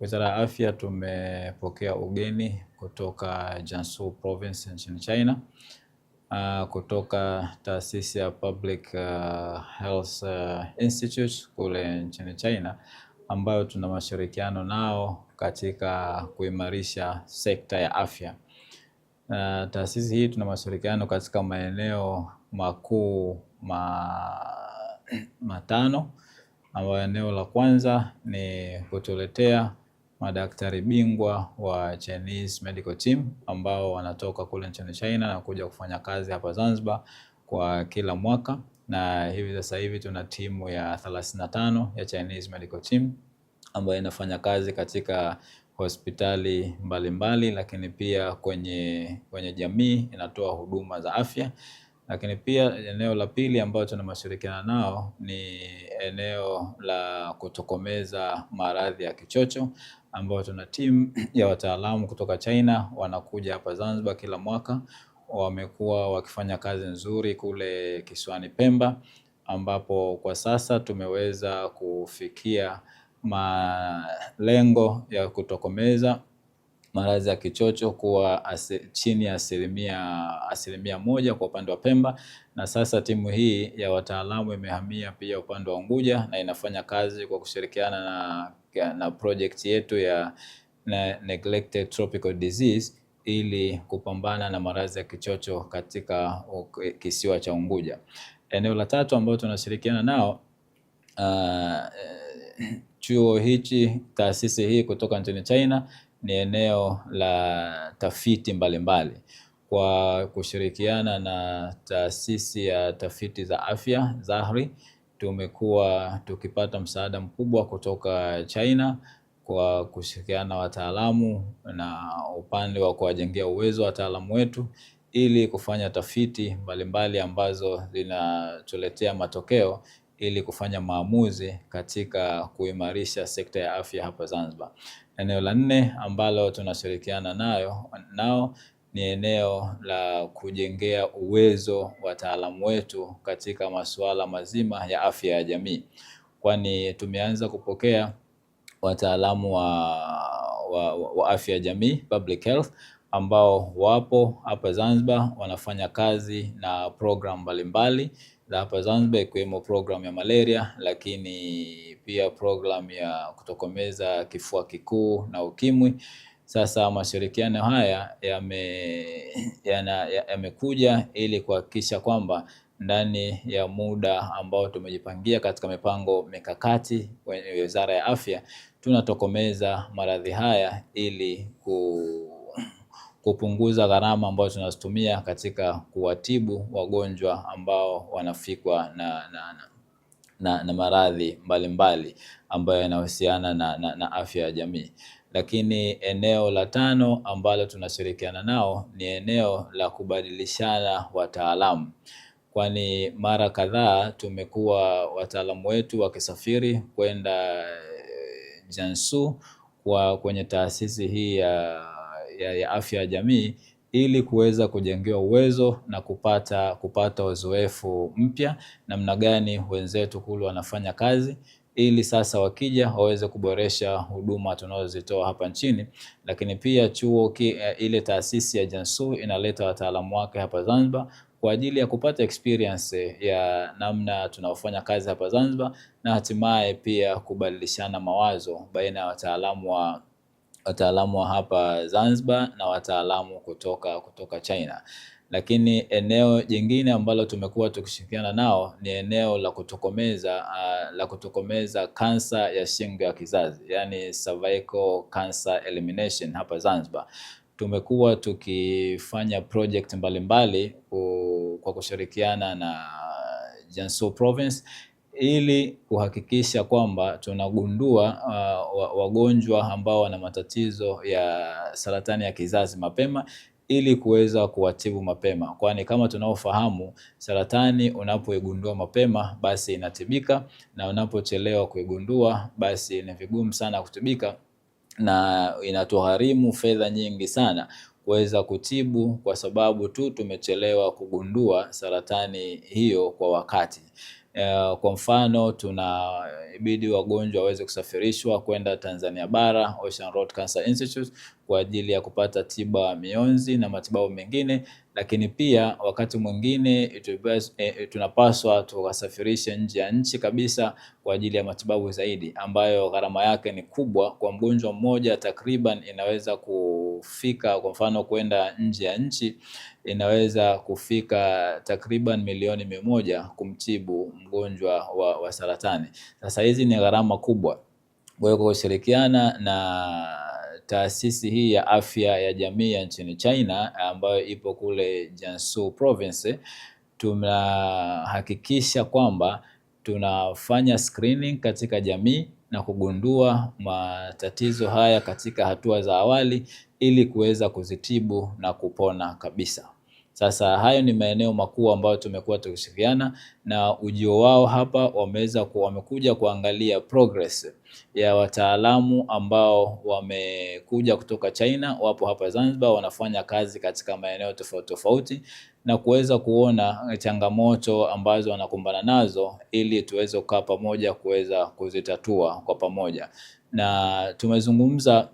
Wizara ya Afya tumepokea ugeni kutoka Jiangsu Province nchini China, uh, kutoka taasisi ya Public uh, Health uh, Institute kule nchini China ambayo tuna mashirikiano nao katika kuimarisha sekta ya afya. Uh, taasisi hii tuna mashirikiano katika maeneo makuu ma matano ambayo eneo la kwanza ni kutuletea madaktari bingwa wa Chinese Medical Team ambao wanatoka kule nchini China na kuja kufanya kazi hapa Zanzibar kwa kila mwaka na hivi sasa hivi tuna timu ya 35 ya Chinese Medical Team ambayo inafanya kazi katika hospitali mbalimbali mbali, lakini pia kwenye kwenye jamii inatoa huduma za afya. Lakini pia eneo la pili ambayo tuna mashirikiana nao ni eneo la kutokomeza maradhi ya kichocho ambayo tuna timu ya wataalamu kutoka China wanakuja hapa Zanzibar kila mwaka wamekuwa wakifanya kazi nzuri kule kisiwani Pemba, ambapo kwa sasa tumeweza kufikia malengo ya kutokomeza maradhi ya kichocho kuwa asi, chini ya asilimia asilimia moja kwa upande wa Pemba, na sasa timu hii ya wataalamu imehamia pia upande wa Unguja na inafanya kazi kwa kushirikiana na, na project yetu ya na neglected tropical disease ili kupambana na maradhi ya kichocho katika kisiwa cha Unguja. Eneo la tatu ambalo tunashirikiana nao uh, chuo hichi taasisi hii kutoka nchini China ni eneo la tafiti mbalimbali mbali. Kwa kushirikiana na taasisi ya tafiti za afya Zahri tumekuwa tukipata msaada mkubwa kutoka China kwa kushirikiana na wataalamu na upande wa kuwajengea uwezo wataalamu wetu ili kufanya tafiti mbalimbali ambazo zinatuletea matokeo ili kufanya maamuzi katika kuimarisha sekta ya afya hapa Zanzibar. Eneo la nne ambalo tunashirikiana nayo nao ni eneo la kujengea uwezo wataalamu wetu katika masuala mazima ya afya ya jamii, kwani tumeanza kupokea wataalamu wa, wa, wa afya ya jamii public health ambao wapo hapa Zanzibar wanafanya kazi na programu mbalimbali za hapa Zanzibar ikiwemo programu ya malaria, lakini pia programu ya kutokomeza kifua kikuu na ukimwi. Sasa mashirikiano haya yamekuja ya ili kuhakikisha kwamba ndani ya muda ambao tumejipangia katika mipango mikakati kwenye Wizara ya Afya tunatokomeza maradhi haya ili kupunguza gharama ambazo tunazitumia katika kuwatibu wagonjwa ambao wanafikwa na, na, na, na, na maradhi mbalimbali ambayo yanahusiana na, na, na afya ya jamii. Lakini eneo la tano ambalo tunashirikiana nao ni eneo la kubadilishana wataalamu, kwani mara kadhaa tumekuwa wataalamu wetu wakisafiri kwenda Jansu kwa kwenye taasisi hii ya, ya, ya afya ya jamii ili kuweza kujengewa uwezo na kupata kupata uzoefu mpya, namna gani wenzetu kule wanafanya kazi ili sasa wakija waweze kuboresha huduma tunazozitoa hapa nchini. Lakini pia chuo ki, eh, ile taasisi ya jansu inaleta wataalamu wake hapa Zanzibar kwa ajili ya kupata experience ya namna tunaofanya kazi hapa Zanzibar na hatimaye pia kubadilishana mawazo baina ya wataalamu wa wataalamu wa hapa Zanzibar na wataalamu kutoka kutoka China. Lakini eneo jingine ambalo tumekuwa tukishirikiana nao ni eneo la kutokomeza uh, la kutokomeza kansa ya shingo ya kizazi, yani cervical cancer elimination hapa Zanzibar. Tumekuwa tukifanya project mbalimbali mbali, kwa kushirikiana na Jiangsu Province ili kuhakikisha kwamba tunagundua uh, wagonjwa ambao wana matatizo ya saratani ya kizazi mapema ili kuweza kuwatibu mapema, kwani kama tunaofahamu, saratani unapoigundua mapema basi inatibika, na unapochelewa kuigundua basi ni vigumu sana kutibika na inatugharimu fedha nyingi sana kuweza kutibu kwa sababu tu tumechelewa kugundua saratani hiyo kwa wakati. Eh, kwa mfano tunabidi eh, wagonjwa waweze kusafirishwa kwenda Tanzania Bara Ocean Road Cancer Institute kwa ajili ya kupata tiba ya mionzi na matibabu mengine, lakini pia wakati mwingine e, e, tunapaswa tukasafirishe nje ya nchi kabisa kwa ajili ya matibabu zaidi, ambayo gharama yake ni kubwa. Kwa mgonjwa mmoja takriban inaweza kufika, kwa mfano kwenda nje ya nchi, inaweza kufika takriban milioni mia moja kumtibu mgonjwa wa, wa saratani. Sasa hizi ni gharama kubwa, kwa hiyo kushirikiana na Taasisi hii ya afya ya jamii ya nchini China ambayo ipo kule Jiangsu province, tunahakikisha kwamba tunafanya screening katika jamii na kugundua matatizo haya katika hatua za awali ili kuweza kuzitibu na kupona kabisa. Sasa hayo ni maeneo makuu ambayo tumekuwa tukishirikiana na ujio wao hapa, wameweza wamekuja kuangalia progress ya wataalamu ambao wamekuja kutoka China, wapo hapa Zanzibar, wanafanya kazi katika maeneo tofauti tofauti na kuweza kuona changamoto ambazo wanakumbana nazo, ili tuweze kukaa pamoja kuweza kuzitatua kwa pamoja, na tumezungumza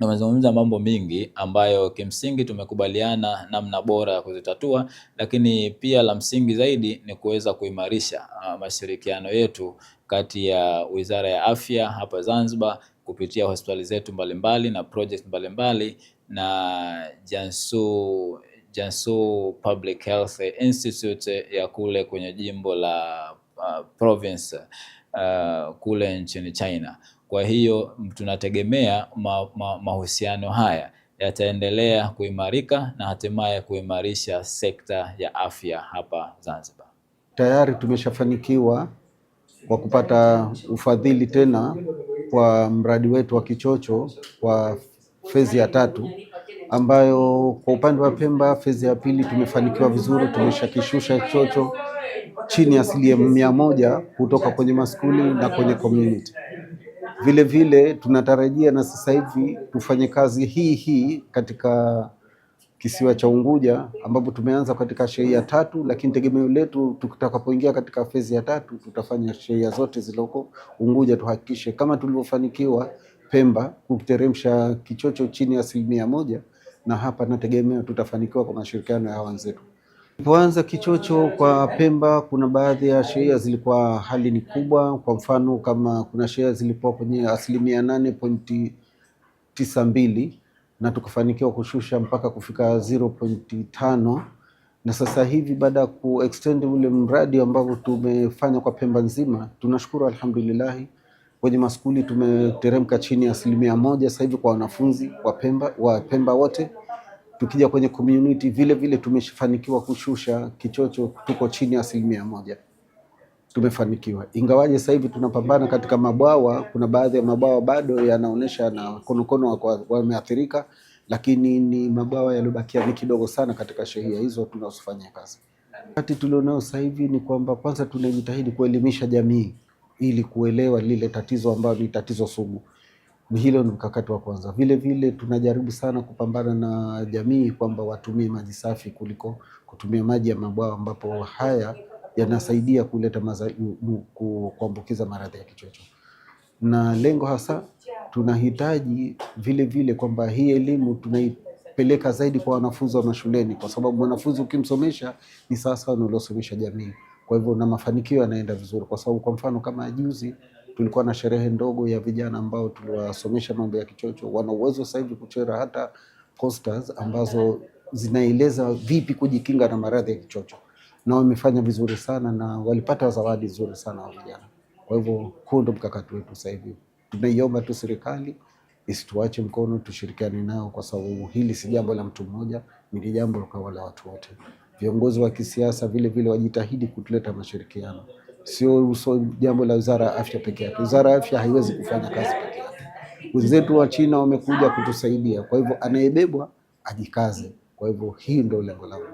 Tumezungumza mambo mingi ambayo kimsingi tumekubaliana namna bora ya kuzitatua, lakini pia la msingi zaidi ni kuweza kuimarisha ah, mashirikiano yetu kati ya Wizara ya Afya hapa Zanzibar kupitia hospitali zetu mbalimbali na project mbalimbali na Jansu Jansu Public Health Institute ya kule kwenye jimbo la uh, province uh, kule nchini China. Kwa hiyo tunategemea mahusiano ma, haya yataendelea kuimarika na hatimaye kuimarisha sekta ya afya hapa Zanzibar. Tayari tumeshafanikiwa kwa kupata ufadhili tena kwa mradi wetu wa Kichocho kwa fezi ya tatu, ambayo kwa upande wa Pemba fezi ya pili tumefanikiwa vizuri, tumeshakishusha chocho chini ya asilimia mia moja kutoka kwenye maskuli na kwenye community. Vile vile tunatarajia na sasa hivi tufanye kazi hii hii katika kisiwa cha Unguja ambapo tumeanza katika sheria ya tatu, lakini tegemeo letu tutakapoingia katika fezi ya tatu tutafanya sheria zote ziloko Unguja, tuhakikishe kama tulivyofanikiwa Pemba kuteremsha kichocho chini ya asilimia moja, na hapa nategemea tutafanikiwa kwa mashirikiano ya wenzetu. Tulipoanza kichocho kwa Pemba, kuna baadhi ya sheria zilikuwa hali ni kubwa. Kwa mfano kama kuna sheria zilikuwa kwenye asilimia nane pointi tisa mbili na tukafanikiwa kushusha mpaka kufika 0.5 na sasa hivi baada ya kuextend ule mradi ambao tumefanya kwa Pemba nzima, tunashukuru alhamdulillah, kwenye maskuli tumeteremka chini ya asilimia moja sasa hivi kwa wanafunzi wa Pemba, wa Pemba wote Tukija kwenye community vile vile tumefanikiwa kushusha kichocho, tuko chini ya asilimia moja tumefanikiwa ingawaje, sasa hivi tunapambana katika mabwawa. Kuna baadhi ya mabwawa bado yanaonyesha na konokono wameathirika, lakini ni mabwawa yaliyobakia ni kidogo sana katika shehia hizo tunazofanya kazi. Kati tulionao sasa hivi ni kwamba kwanza tunajitahidi kuelimisha jamii ili kuelewa lile tatizo ambalo ni tatizo sugu. Hilo ni mkakati wa kwanza. Vile vile tunajaribu sana kupambana na jamii kwamba watumie maji safi kuliko kutumia maji ya mabwawa, ambapo haya yanasaidia kuleta kuambukiza maradhi ya kichocho, na lengo hasa tunahitaji vile vile kwamba hii elimu tunaipeleka zaidi kwa wanafunzi wa mashuleni, kwa sababu mwanafunzi ukimsomesha ni sawasawa na uliosomesha jamii. Kwa hivyo na mafanikio yanaenda vizuri, kwa sababu kwa mfano kama juzi tulikuwa na sherehe ndogo ya vijana ambao tuliwasomesha mambo ya kichocho. Wana uwezo sasa hivi kuchora hata posters ambazo zinaeleza vipi kujikinga na maradhi ya kichocho, na wamefanya vizuri sana na walipata zawadi nzuri sana wa vijana. Kwa hivyo huu ndo mkakati wetu sasa hivi, tunaiomba tu serikali isituache mkono, tushirikiane nao kwa sababu hili si jambo la mtu mmoja, ni jambo la wala watu wote. Viongozi wa kisiasa vile vile wajitahidi kutuleta mashirikiano sio jambo la wizara ya afya peke yake. Wizara ya afya haiwezi kufanya kazi peke yake. Wenzetu wa China wamekuja kutusaidia, kwa hivyo anayebebwa ajikaze. Kwa hivyo hii ndio lengo langu.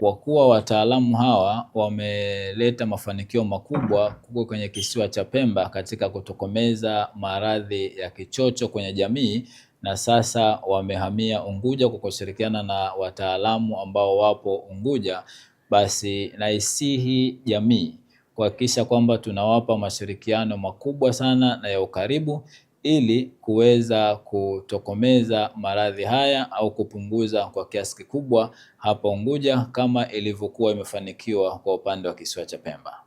Kwa kuwa wataalamu hawa wameleta mafanikio makubwa kuko kwenye kisiwa cha Pemba katika kutokomeza maradhi ya kichocho kwenye jamii, na sasa wamehamia Unguja kwa kushirikiana na wataalamu ambao wapo Unguja, basi naisihi jamii kuhakikisha kwamba tunawapa mashirikiano makubwa sana na ya ukaribu ili kuweza kutokomeza maradhi haya au kupunguza kwa kiasi kikubwa hapa Unguja kama ilivyokuwa imefanikiwa kwa upande wa kisiwa cha Pemba.